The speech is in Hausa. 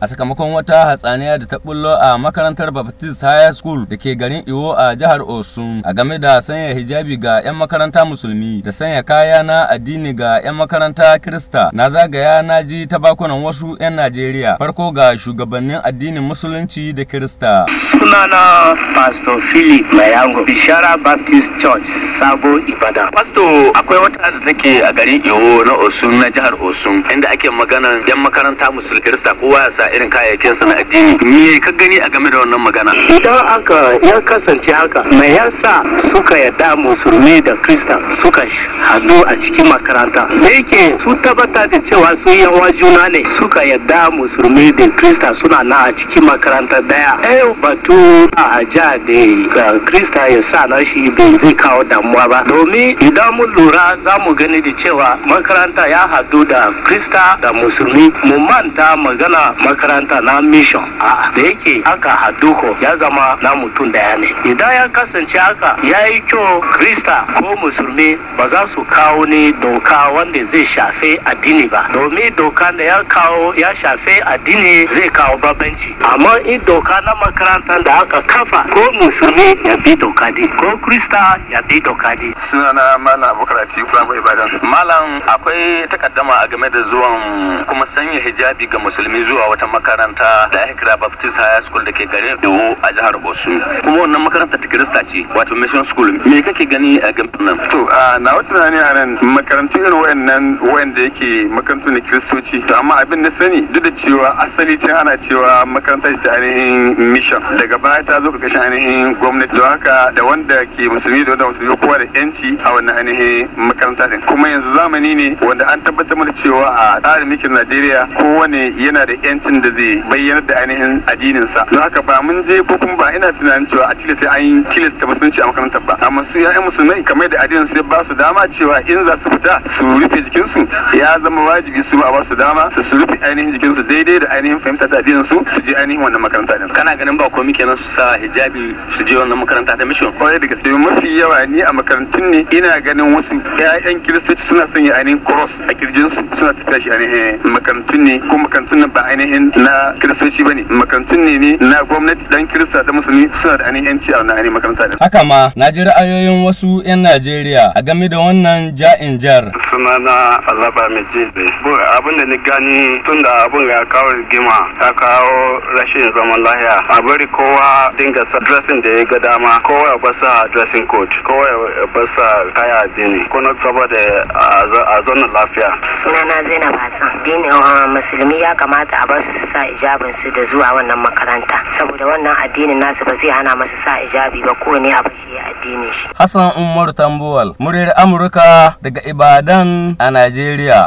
a sakamakon wata hatsaniya da ta bullo a makarantar Baptist High School da ke garin Iwo a jihar Osun a game da sanya hijabi ga 'yan makaranta musulmi da sanya kaya na addini ga 'yan makaranta Kirista na zagaya na ji ta bakunan wasu 'yan Najeriya farko ga shugabannin addinin musulunci da Kirista. Sunana Pastor Philip Mayango Bishara Baptist Church Sabo Ibadan. Pastor akwai wata da take a garin Iwo na Osun na jihar Osun inda ake maganan 'yan makaranta musulmi Kirista kowa ya irin kayayyakin su na addini me ka gani a game da wannan magana idan aka ya kasance haka me yasa suka yadda musulmi da krista suka hadu a cikin makaranta da yake su tabbata da cewa su yawa juna ne suka yadda musulmi da krista suna na a cikin makaranta daya eh batu a ja da krista ya sa na shi bai zai kawo damuwa ba domin idan mun lura za mu gani da cewa makaranta ya hadu da krista da musulmi mu manta magana makaranta na mission a da yake haka haduko ya zama na mutum daya ne idan ya kasance haka ya yi kyau krista ko musulmi ba za su kawo ne doka wanda zai shafe addini ba domin doka da ya kawo ya shafe addini zai kawo babanci amma in doka na makaranta da aka kafa ko musulmi ya bi doka ko krista ya bi doka sunana malam akwai takaddama a game da zuwan kuma sanya hijabi ga musulmi zuwa wata makaranta da ake kira Baptist High School da ke garin Ewo a jihar Osun kuma wannan makaranta ta Kirista ce wato Mission School me kake gani a game nan to a na wata tunani a nan makarantu irin wayannan wayanda yake makarantu na Kiristoci to amma abin da sani duk da cewa asali can ana cewa makaranta ta ainihin mission daga baya ta zo kashin ainihin gwamnati don haka da wanda ke musulmi da wanda musulmi kowa da yanci a wannan ainihin makaranta din kuma yanzu zamani ne wanda an tabbatar mana cewa a tsarin mulkin Najeriya kowane yana da yancin da zai bayyana da ainihin addininsa don haka ba mun je ko kuma ba ina tunanin cewa a tilasta an yi tilasta musulunci a makarantar ba amma su ya'yan musulmai kamar da addinin su ba su dama cewa in za su fita su rufe jikinsu ya zama wajibi su ba su dama su rufe ainihin jikinsu daidai da ainihin fahimta ta addinin su su je ainihin wannan makaranta din kana ganin ba komai kenan su sa hijabi su je wannan makaranta ta mission kwarai da gaske mafi yawa ni a makarantun ne ina ganin wasu ƴaƴan kiristoci sun suna sanya ainihin cross a kirjinsu suna tafiya shi ainihin makarantun ne ko makarantun nan ba ainihin na kiristoci ba ne makarantun ne ne na gwamnati dan kirista da musulmi suna da ainihin yanci a ainihin makaranta din haka ma na ji ra'ayoyin wasu 'yan najeriya a game da wannan ja'in jar suna na alaba mai jibe abin da ni gani tun da abin ya kawo rigima ya kawo rashin zaman lahiya a bari kowa dinga sa dressing da ya ga dama kowa ya basa dressing code kowa ya basa kaya jini kuna saboda a zonar lafiya sunana zainab hassan a uh, musulmi ya kamata a basu su sa ijabin su da zuwa wannan makaranta saboda wannan addinin nasu ba zai hana masu sa ijabi ba ko ne abu shi addinin shi hassan Umar tambuwal muryar amurka daga ibadan a najeriya